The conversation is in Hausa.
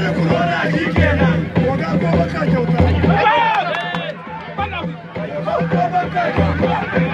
da corona shi kenan ko ga ko baka kyauta ko baka kyauta